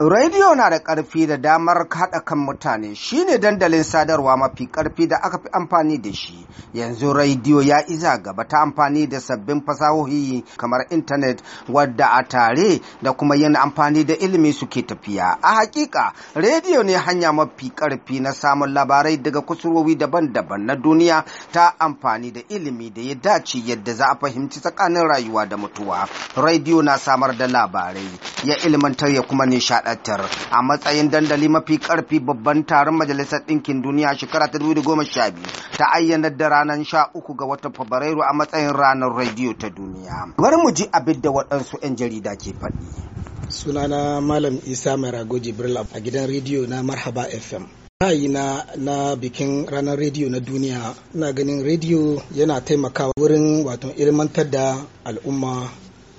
Rediyo na da ƙarfi da damar haɗa kan mutane shine dandalin sadarwa mafi ƙarfi da aka fi amfani da shi. Yanzu rediyo ya iza gaba ta amfani da sabbin fasahohi kamar intanet wadda a tare da kuma yin amfani da ilimi suke tafiya. A hakika, rediyo ne hanya mafi ƙarfi na samun labarai daga kusurwowi daban-daban na duniya ta amfani da ilimi da ya dace yadda za a fahimci tsakanin rayuwa da mutuwa. Rediyo na samar da labarai, ya ilmantar ya kuma nishaɗa. wadatar a matsayin dandali mafi karfi babban taron majalisar ɗinkin duniya shekara ta biyu ta ayyana da ranar uku ga watan fabrairu a matsayin ranar rediyo ta duniya bari mu ji abin da waɗansu 'yan jarida ke faɗi sunana malam isa mai rago jibril a gidan rediyo na marhaba fm ra'ayi na na bikin ranar rediyo na duniya na ganin rediyo yana taimakawa wurin wato ilmantar da al'umma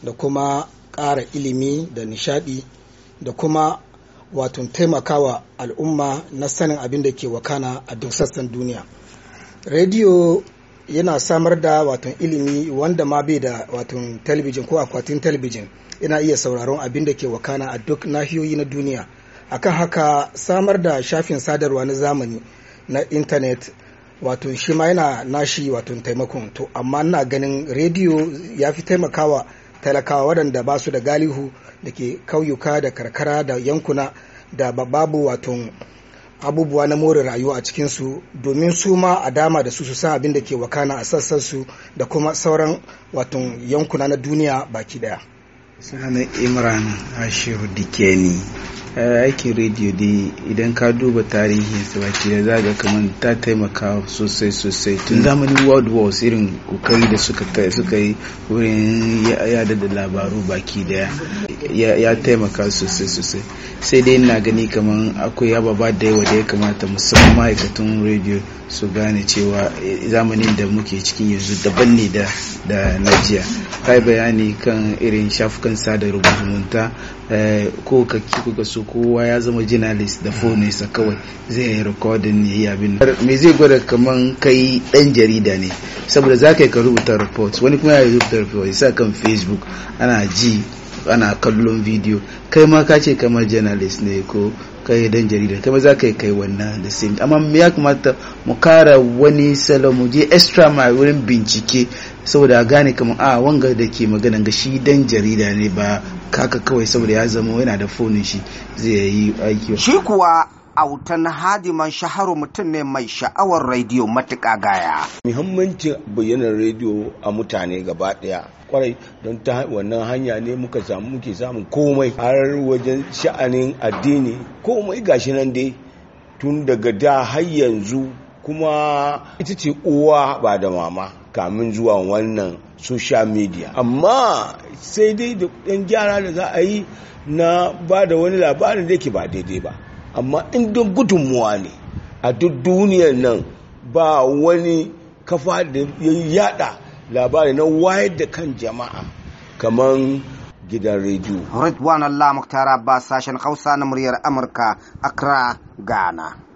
da kuma kara ilimi da nishadi da kuma wato taimakawa al'umma na sanin abin da ke wakana a duk sassan duniya rediyo yana samar da wato ilimi wanda ma bai da wato talabijin ko akwatin talabijin yana iya sauraron abin da ke wakana a duk nahiyoyi na duniya akan haka samar da shafin sadarwa na zamani na intanet wato shi ma yana nashi wato taimakon to amma na ganin rediyo ya fi taimakawa talakawa waɗanda ba su da galihu da ke kauyuka da karkara da yankuna da babu wato abubuwa na more rayuwa a cikinsu domin su ma a dama da su su san abin da ke wakana a sassan su da kuma sauran wato yankuna na duniya baki daya. sanar imran ashiru dikeni aikin rediyo dai idan ka duba tarihin su baki da zaga kamar ta taimaka sosai sosai tun zamanin world war irin kokari da suka yi wurin yada da labaru baki daya ya taimaka sosai sosai sai dai ina gani kamar akwai ababa da yawa da ya kamata musamman ma'aikatan rediyo su gane cewa eh, zamanin da muke cikin yanzu daban ne da da najiya kai bayani kan irin shafukan sada rubutunta eh, ko ka kuka so kowa ya zama journalist da sa kawai zai yi rikodin ne ya bin me zai gwada kamar kai dan jarida ne saboda za ka yi ka rubuta report wani kuma ya rubuta report ya sa kan facebook ana ji ana kallon video kai ma ka ce kamar journalist ne ko kai dan jarida kai ma za ka yi kai wannan da same amma me ya kamata mu kara wani salo mu je extra ma wurin bincike saboda a gane kamar a ah, wanga da ke magana ga shi dan jarida ne ba kaka kawai saboda ya zama yana da fonin shi zai yi aiki shi kuwa autan hadiman shaharu mutum ne mai sha'awar rediyo matuƙa gaya. Muhimmancin bayyanar rediyo a mutane gaba ɗaya kwarai don ta wannan hanya ne muka samu muke samun komai har wajen sha'anin addini komai gashi nan dai tun daga da har yanzu kuma ita ce uwa ba da mama kamin zuwa wannan social media amma sai dai da ɗan gyara da za a yi na ba da wani labarin da ke ba daidai ba amma in don gudunmuwa ne a duk duniyar nan ba wani kafa da ya yada labari na wayar da kan jama'a kamar gidan rediyo. Ridwan Allah Muktar Abbas sashen Hausa na muryar Amurka, Accra, gana.